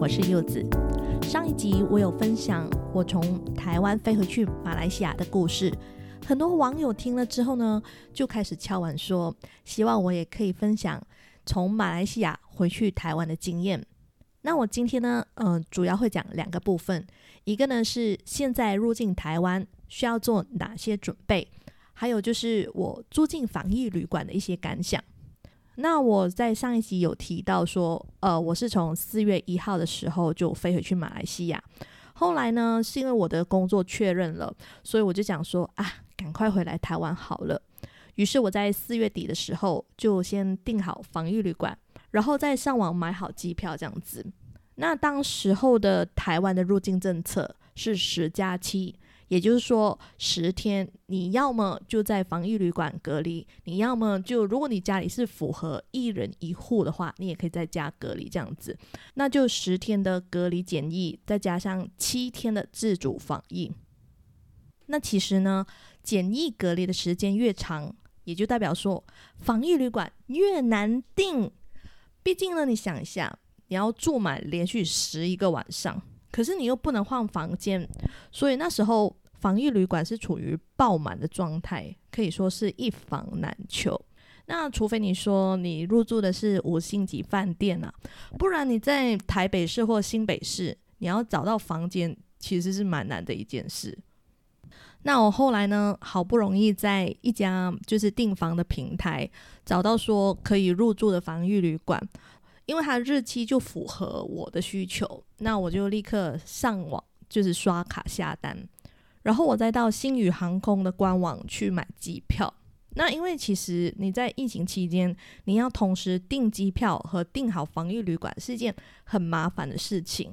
我是柚子。上一集我有分享我從台灣飛回去馬來西亞的故事，很多網友聽了之後呢，就開始敲碗說，希望我也可以分享從馬來西亞回去台灣的經驗。那我今天呢，嗯、呃，主要會講兩個部分，一個呢是現在入境台灣需要做哪些準備，還有就是我住進防疫旅館的一些感想。那我在上一集有提到說，呃，我是從四月一號的時候就飛回去馬來西亞，後來呢，是因為我的工作確認了，所以我就想說啊，趕快回來台灣好了。於是我在四月底的時候就先訂好防疫旅館，然後再上網買好機票這樣子。那當時候的台灣的入境政策是十加七。也就是說，十天你要麼就在防疫旅館隔離，你要麼就如果你家裡是符合一人一戶的話，你也可以在家隔離這樣子。那就十天的隔離檢疫，再加上七天的自主防疫。那其實呢，檢疫隔離的時間越長，也就代表說防疫旅館越難訂。畢竟呢，你想一下，你要住滿連續十一個晚上，可是你又不能換房間，所以那時候，防疫旅館是處於爆滿的狀態，可以說是一房難求。那除非你說你入住的是五星級飯店啊，不然你在台北市或新北市，你要找到房間其實是蠻難的一件事。那我後來呢，好不容易在一家就是訂房的平台找到說可以入住的防疫旅館，因為它的日期就符合我的需求，那我就立刻上網，就是刷卡下單。然後我再到星宇航空的官網去買機票。那因為其實你在疫情期間，你要同時訂機票和訂好防疫旅館是一件很麻煩的事情。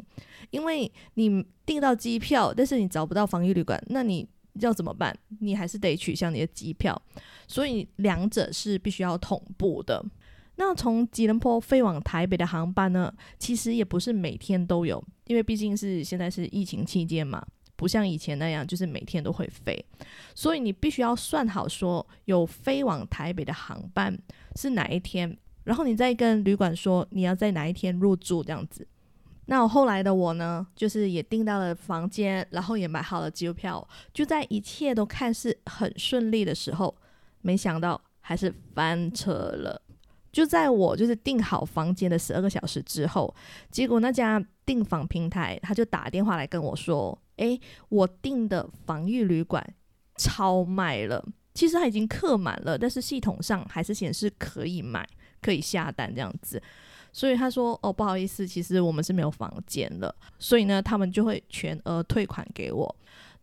因為你訂到機票，但是你找不到防疫旅館，那你要怎麼辦？你還是得取消你的機票。所以兩者是必須要同步的。那從吉隆坡飛往台北的航班呢，其實也不是每天都有，因為畢竟是現在是疫情期間嘛。不像以前那樣，就是每天都會飛，所以你必須要算好說，有飛往台北的航班是哪一天，然後你再跟旅館說你要在哪一天入住這樣子。那我後來的我呢，就是也訂到了房間，然後也買好了機票，就在一切都看似很順利的時候，沒想到還是翻車了。就在我就是訂好房間的十二個小時之後，結果那家訂房平台他就打電話來跟我說。哎，我訂的防疫旅館超賣了，其實它已經客滿了，但是系統上還是顯示可以買、可以下單這樣子。所以他說：“哦，不好意思，其實我們是沒有房間了。”所以呢，他們就會全額退款給我。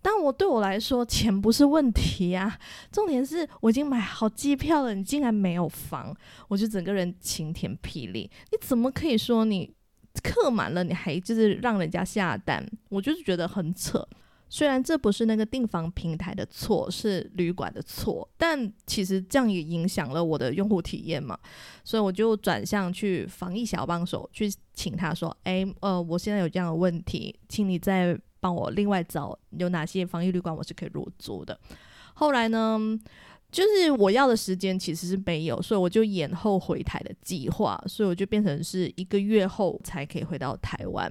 但我對我來說，錢不是問題啊。重點是我已經買好機票了，你竟然沒有房，我就整個人晴天霹靂。你怎麼可以說你？客滿了，你還就是讓人家下單，我就是覺得很扯。雖然這不是那個訂房平台的錯，是旅館的錯，但其實這樣也影響了我的用戶體驗嘛。所以我就轉向去防疫小幫手，去請他說：“哎、欸，呃，我現在有這樣的問題，請你再幫我另外找有哪些防疫旅館我是可以入住的。”後來呢，就是我要的時間其實是沒有，所以我就延後回台的計劃，所以我就變成是一個月後才可以回到台灣。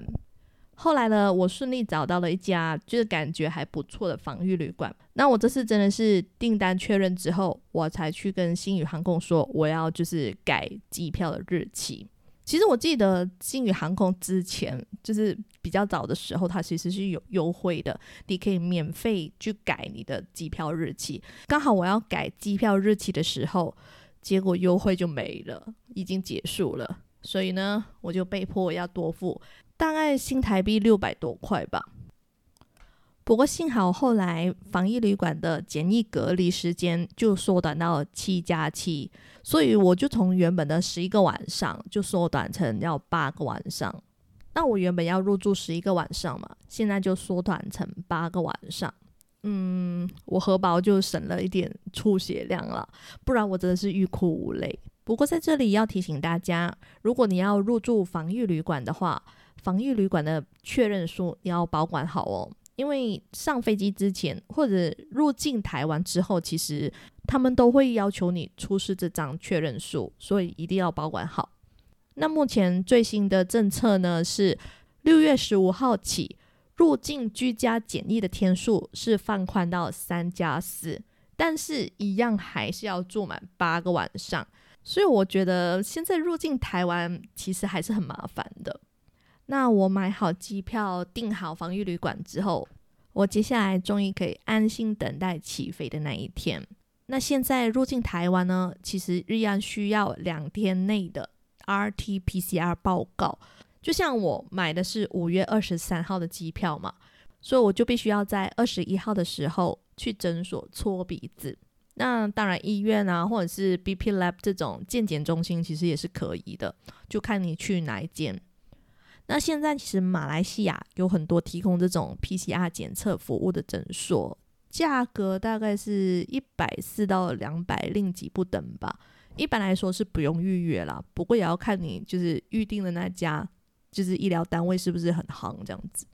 後來呢，我順利找到了一家就是感覺還不錯的防疫旅館。那我這次真的是訂單確認之後，我才去跟星宇航空說我要就是改機票的日期。其實我記得星宇航空之前就是比較早的時候，它其實是有優惠的，你可以免費去改你的機票日期。剛好我要改機票日期的時候，結果優惠就沒了，已經結束了，所以呢，我就被迫要多付大概新台幣六百多塊吧。不過幸好後來防疫旅館的檢疫隔離時間就縮短到七加七，所以我就從原本的十一個晚上就縮短成要八個晚上。那我原本要入住十一個晚上嘛，現在就縮短成八個晚上。嗯，我荷包就省了一點出血量了，不然我真的是欲哭無淚。不過在這裡要提醒大家，如果你要入住防疫旅館的話，防疫旅館的確認書你要保管好哦。因為上飛機之前或者入境台灣之後，其實他們都會要求你出示這張確認書，所以一定要保管好。那目前最新的政策呢是六月十五號起入境居家檢疫的天數是放寬到三加四，但是一樣還是要住滿八個晚上。所以我覺得現在入境台灣其實還是很麻煩的。那我買好機票，訂好防疫旅館之後，我接下來終於可以安心等待起飛的那一天。那現在入境台灣呢，其實依然需要兩天內的 RT-PCR 報告。就像我買的是五月二十三號的機票嘛，所以我就必須要在二十一號的時候去診所搓鼻子。那當然，醫院啊，或者是 BP Lab 這種健檢中心，其實也是可以的，就看你去哪一間。那現在其實馬來西亞有很多提供這種 PCR 檢測服務的診所，價格大概是一百四到兩百令吉不等吧。一般來說是不用預約了，不過也要看你就是預定的那家就是醫療單位是不是很行這樣子。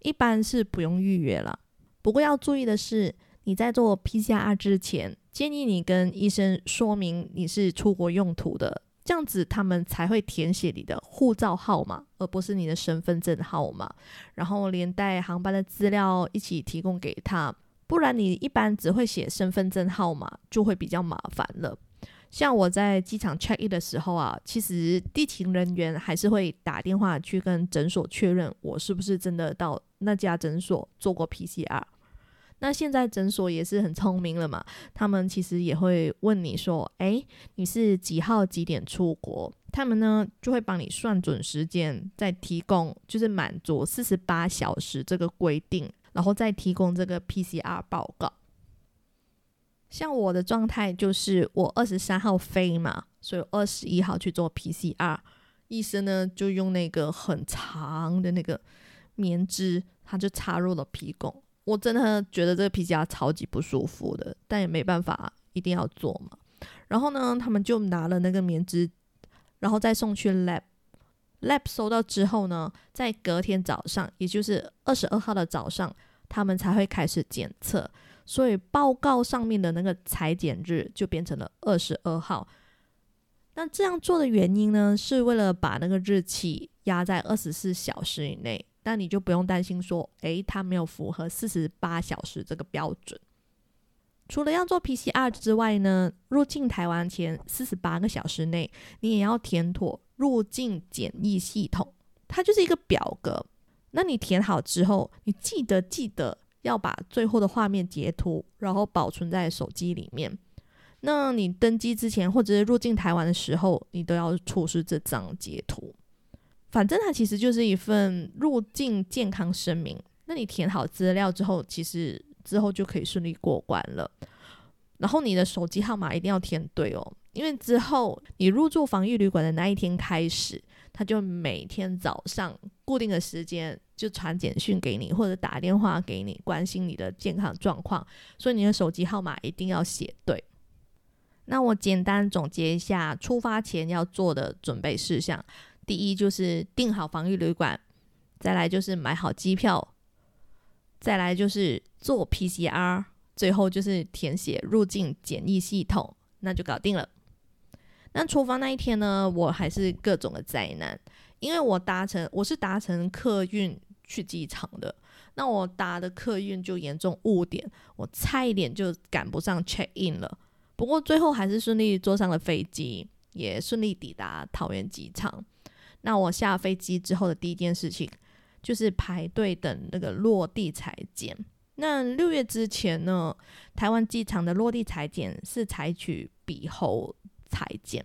一般是不用預約了，不過要注意的是，你在做 PCR 之前，建議你跟醫生說明你是出國用途的。這樣子他們才會填寫你的護照號碼，而不是你的身份證號碼，然後連帶航班的資料一起提供給他。不然你一般只會寫身份證號碼，就會比較麻煩了。像我在機場 check in 的時候啊，其實地勤人員還是會打電話去跟診所確認我是不是真的到那家診所做過 PCR。那現在診所也是很聰明了嘛，他們其實也會問你說：“哎，你是幾號幾點出國？”他們呢就會幫你算準時間，再提供就是滿足四十八小時這個規定，然後再提供這個 PCR 報告。像我的狀態就是我二十三號飛嘛，所以二十一號去做 PCR，醫生呢就用那個很長的那個棉枝，他就插入了鼻孔。我真的覺得這個 PCR 超級不舒服的，但也沒辦法，一定要做嘛。然後呢，他們就拿了那個棉織，然後再送去 lab。Lab 收到之後呢，在隔天早上，也就是二十二號的早上，他們才會開始檢測，所以報告上面的那個採檢日就變成了二十二號。那這樣做的原因呢，是為了把那個日期壓在二十四小時以內。那你就不用擔心說，誒、欸，它沒有符合四十八小時這個標準。除了要做 PCR 之外呢，入境台灣前四十八個小時內，你也要填妥入境檢疫系統。它就是一個表格，那你填好之後，你記得記得要把最後的畫面截圖，然後保存在手機裡面。那你登機之前或者是入境台灣的時候，你都要出示這張截圖。反正它其實就是一份入境健康聲明。那你填好資料之後，其實之後就可以順利過關了。然後你的手機號碼一定要填對哦，因為之後你入住防疫旅館的那一天開始，他就每天早上固定的時間就傳簡訊給你，或者打電話給你，關心你的健康狀況。所以你的手機號碼一定要寫對。那我簡單總結一下出發前要做的準備事項。第一就是訂好防疫旅館，再來就是買好機票，再來就是做 PCR，最後就是填寫入境檢疫系統，那就搞定了。那出發那一天呢，我還是各種的災難，因為我搭乘，我是搭乘客運去機場的，那我搭的客運就嚴重誤點，我差一點就趕不上 check in 了。不過最後還是順利坐上了飛機，也順利抵達桃園機場。那我下飛機之後的第一件事情就是排隊等那個落地採檢。那六月之前呢，台灣機場的落地採檢是採取鼻喉採檢，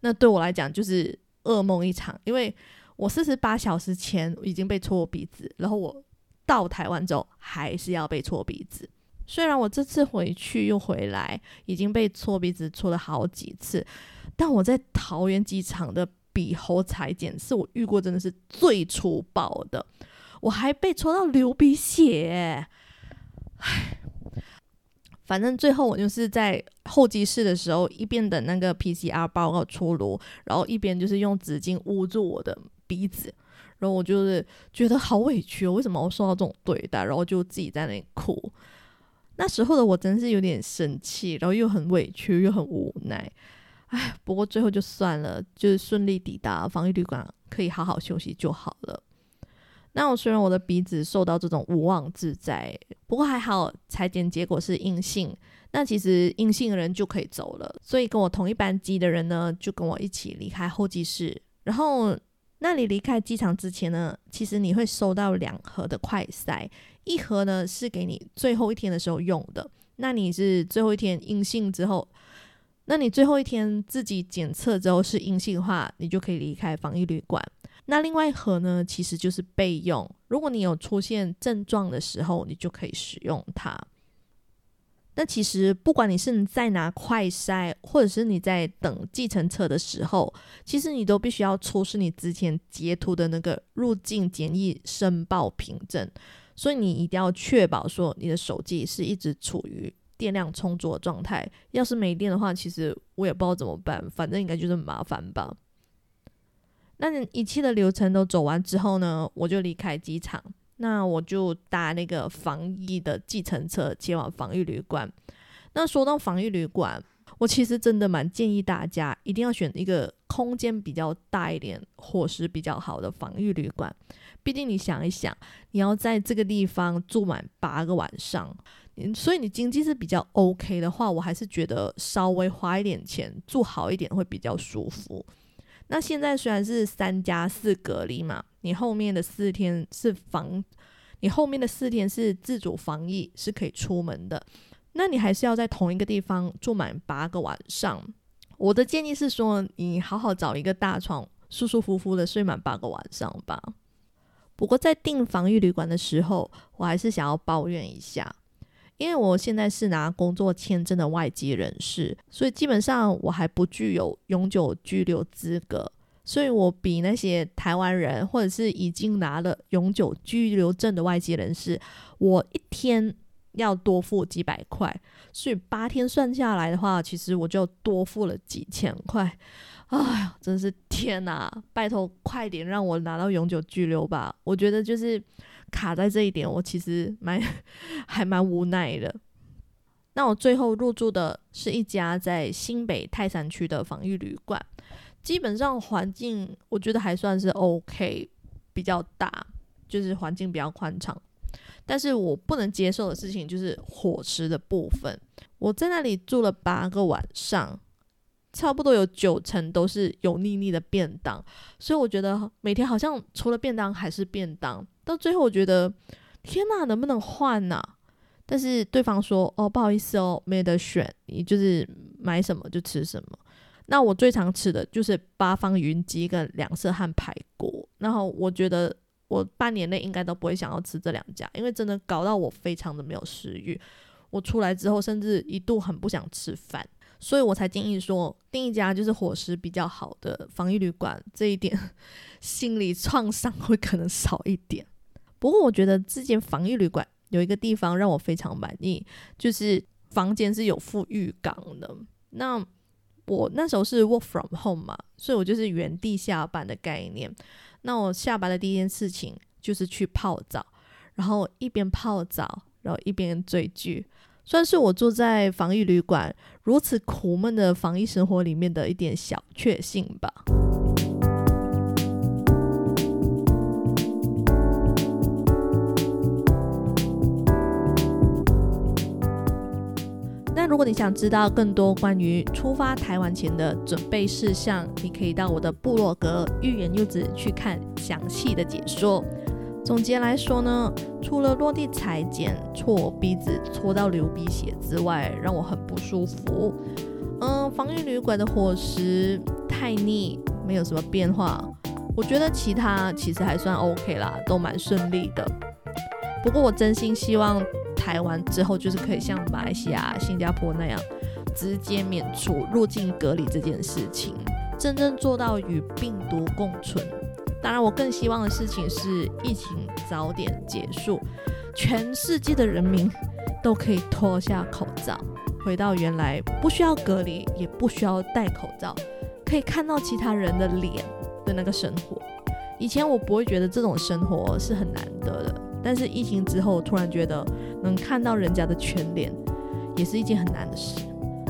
那對我來講就是噩夢一場，因為我四十八小時前已經被戳鼻子，然後我到台灣之後還是要被戳鼻子。雖然我這次回去又回來已經被戳鼻子戳了好幾次，但我在桃園機場的。鼻喉採檢是我遇過真的是最粗暴的，我還被戳到流鼻血，欸。唉，反正最後我就是在候機室的時候，一邊等那個 PCR 報告出爐，然後一邊就是用紙巾捂住我的鼻子，然後我就是覺得好委屈，為什麼我受到這種對待？然後就自己在那裡哭。那時候的我真的是有點生氣，然後又很委屈，又很無奈。哎，不過最後就算了，就是順利抵達防疫旅館，可以好好休息就好了。那我雖然我的鼻子受到這種無妄之災，不過還好採檢結果是陰性。那其實陰性的人就可以走了，所以跟我同一班機的人呢，就跟我一起離開候機室。然後那你離開機場之前呢，其實你會收到兩盒的快篩，一盒呢是給你最後一天的時候用的。那你是最後一天陰性之後。那你最後一天自己檢測之後是陰性的話，你就可以離開防疫旅館。那另外一盒呢，其實就是備用。如果你有出現症狀的時候，你就可以使用它。那其實不管你是你在拿快篩，或者是你在等計程車的時候，其實你都必須要出示你之前截圖的那個入境檢疫申報憑證。所以你一定要確保說你的手機是一直處於。電量充足的狀態，要是沒電的話，其實我也不知道怎麼辦，反正應該就是麻煩吧。那一切的流程都走完之後呢，我就離開機場，那我就搭那個防疫的計程車前往防疫旅館。那說到防疫旅館，我其實真的蠻建議大家一定要選一個空間比較大一點、伙食比較好的防疫旅館。畢竟你想一想，你要在這個地方住滿八個晚上。所以你經濟是比較 OK 的話，我還是覺得稍微花一點錢住好一點會比較舒服。那現在雖然是三加四隔離嘛，你後面的四天是防，你後面的四天是自主防疫，是可以出門的。那你還是要在同一個地方住滿八個晚上。我的建議是說，你好好找一個大床，舒舒服服的睡滿八個晚上吧。不過在訂防疫旅館的時候，我還是想要抱怨一下。因為我現在是拿工作簽證的外籍人士，所以基本上我還不具有永久居留資格，所以我比那些台灣人或者是已經拿了永久居留證的外籍人士，我一天要多付幾百塊，所以八天算下來的話，其實我就多付了幾千塊，哎呀，真是天哪！拜托，快點讓我拿到永久居留吧！我覺得就是。卡在這一點，我其實蠻還蠻無奈的。那我最後入住的是一家在新北泰山區的防疫旅館，基本上環境我覺得還算是 OK，比較大，就是環境比較寬敞。但是我不能接受的事情就是伙食的部分。我在那裡住了八個晚上，差不多有九成都是油膩膩的便當，所以我覺得每天好像除了便當還是便當。到最後，我覺得天哪，能不能換吶、啊？但是對方說，哦，不好意思哦，沒得選，你就是買什麼就吃什麼。那我最常吃的就是八方雲集跟梁社漢排骨。然後我覺得我半年內應該都不會想要吃這兩家，因為真的搞到我非常的沒有食欲。我出來之後，甚至一度很不想吃飯，所以我才建議說訂一家就是伙食比較好的防疫旅館，這一點 心理創傷會可能少一點。不過我覺得這間防疫旅館有一個地方讓我非常滿意，就是房間是有附浴缸的。那我那時候是 work from home 嘛，所以我就是原地下班的概念。那我下班的第一件事情就是去泡澡，然後一邊泡澡，然後一邊追劇，算是我坐在防疫旅館如此苦悶的防疫生活裡面的一點小確幸吧。如果你想知道更多關於出發台灣前的準備事項，你可以到我的部落格“欲言又止”去看詳細的解說。總結來說呢，除了落地採檢、搓鼻子搓到流鼻血之外，讓我很不舒服。嗯、呃，防疫旅館的伙食太膩，沒有什麼變化。我覺得其他其實還算 OK 啦，都蠻順利的。不過我真心希望。台灣之後就是可以像馬來西亞、新加坡那樣，直接免除入境隔離這件事情，真正做到與病毒共存。當然，我更希望的事情是疫情早點結束，全世界的人民都可以脫下口罩，回到原來不需要隔離也不需要戴口罩，可以看到其他人的臉的那個生活。以前我不會覺得這種生活是很難得的。但是疫情之後，突然覺得能看到人家的全臉，也是一件很難的事。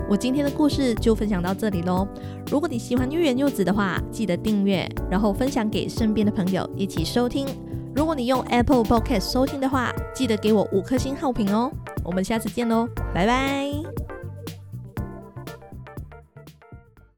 我今天的故事就分享到這裡嘍。如果你喜歡幼言柚子的話，記得訂閱，然後分享給身邊的朋友一起收聽。如果你用 Apple Podcast 收聽的話，記得給我五顆星好評哦。我們下次見嘍，拜拜。